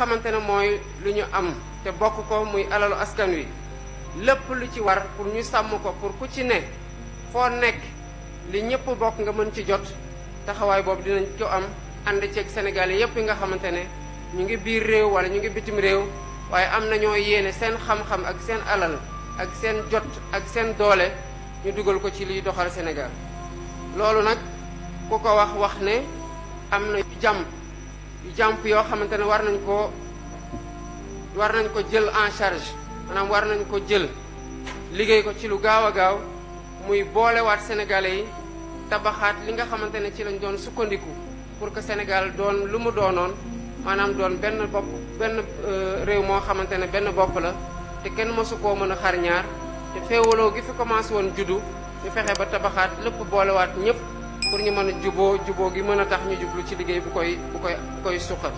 xamante ne mooy lu ñu am te bokk ko muy alalu askan wi lépp lu ci war pour ñu sàmm ko pour ku ci ne foo nekk li ñëpp bokk nga mën ci jot taxawaay boobu dinañ ko am ànd ceeg Sénégal yëpp yi nga xamante ne ñu ngi biir réew wala ñu ngi bitim réew waaye am na ñoo yéene seen xam-xam ak seen alal ak seen jot ak seen doole ñu dugal ko ci liy doxal Sénégal loolu nag ku ko wax wax ne am na jàmm yu jàmp yoo xamante war nañ ko war nañ ko jël en charge manam war nañ ko jël liggéey ko ci lu gaaw a gaaw muy boolewaat sénégalais yi tabaxaat li nga xamantene ci lañ doon sukkandiku pour que sénégal doon lu mu doonoon manam doon benn bopp benn euh, réew moo xamantene benn bopp la te kenn koo mën a xar ñaar te féewaloo gi fi commencé woon juddu ñu fexe ba tabaxaat lépp boolewaat ñëpp pour ñu mën a juboo juboo gi mën a tax ñu jublu ci liggéey bu koy bu koy bu koy